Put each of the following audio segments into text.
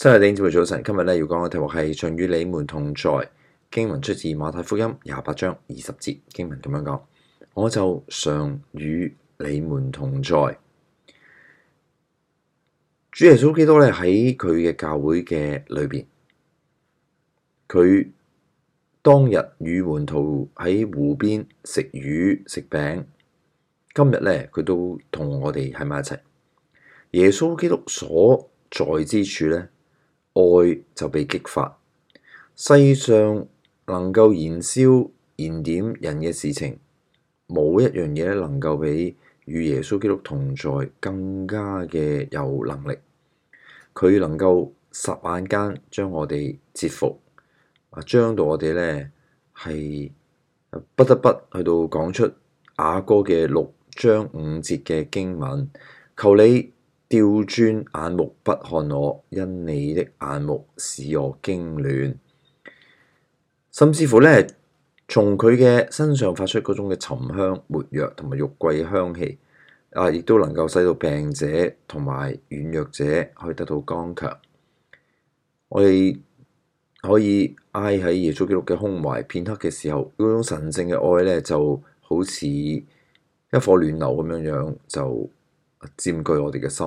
七日頂朝早晨，今日咧要講嘅題目係常與你們同在。經文出自馬太福音廿八章二十節，經文咁樣講，我就常與你們同在。主耶穌基督咧喺佢嘅教會嘅裏邊，佢當日與門徒喺湖邊食魚食餅，今日咧佢都同我哋喺埋一齊。耶穌基督所在之處咧。愛就被激發，世上能夠燃燒、燃點人嘅事情，冇一樣嘢咧能夠比與耶穌基督同在更加嘅有能力。佢能夠霎眼間將我哋折服，啊，將到我哋咧係不得不去到講出雅歌嘅六章五節嘅經文，求你。吊轉眼目不看我，因你的眼目使我驚亂。甚至乎呢，從佢嘅身上發出嗰種嘅沉香、活藥同埋玉桂嘅香氣啊，亦都能夠使到病者同埋軟弱者可以得到剛強。我哋可以挨喺耶穌基督嘅胸懷片刻嘅時候，嗰種神聖嘅愛呢，就好似一課暖流咁樣樣就。佔據我哋嘅心，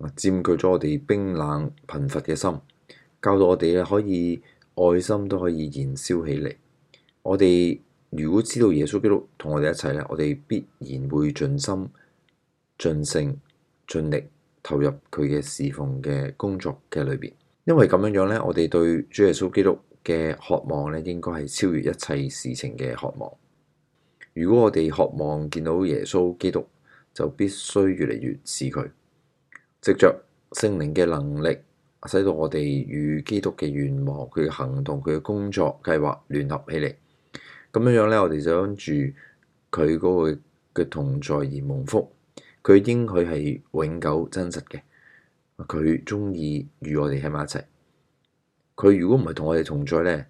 佔據咗我哋冰冷貧乏嘅心，教到我哋咧可以愛心都可以燃燒起嚟。我哋如果知道耶穌基督同我哋一齊咧，我哋必然會盡心、盡性、盡力投入佢嘅侍奉嘅工作嘅裏邊。因為咁樣樣咧，我哋對主耶穌基督嘅渴望咧，應該係超越一切事情嘅渴望。如果我哋渴望見到耶穌基督，就必須越嚟越似佢，藉着聖靈嘅能力，使到我哋與基督嘅願望、佢嘅行動、佢嘅工作計劃聯合起嚟。咁樣樣咧，我哋就跟住佢嗰個嘅同在而蒙福。佢應許係永久真實嘅，佢中意與我哋喺埋一齊。佢如果唔係同我哋同在咧，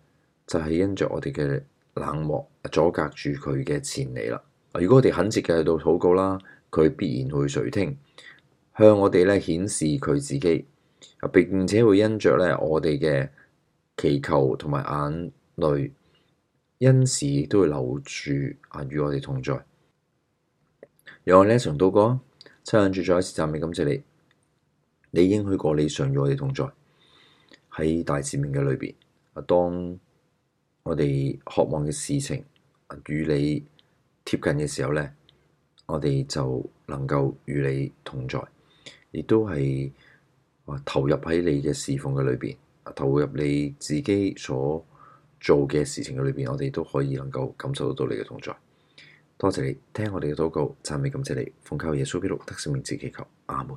就係、是、因着我哋嘅冷漠阻隔住佢嘅前嚟啦。如果我哋肯持續到禱告啦。佢必然會垂聽，向我哋咧顯示佢自己，並且會因着咧我哋嘅祈求同埋眼淚，因此都會留住啊，與我哋同在。有我呢一場道歌，親近住再一次讚美，感謝你，你應許過你常與我哋同在喺大使命嘅裏邊。當我哋渴望嘅事情與你貼近嘅時候咧。我哋就能夠與你同在，亦都係投入喺你嘅侍奉嘅裏邊，投入你自己所做嘅事情嘅裏邊，我哋都可以能夠感受到到你嘅同在。多謝你聽我哋嘅禱告，讚美感謝你，奉靠耶穌基督得勝名字祈求，阿門。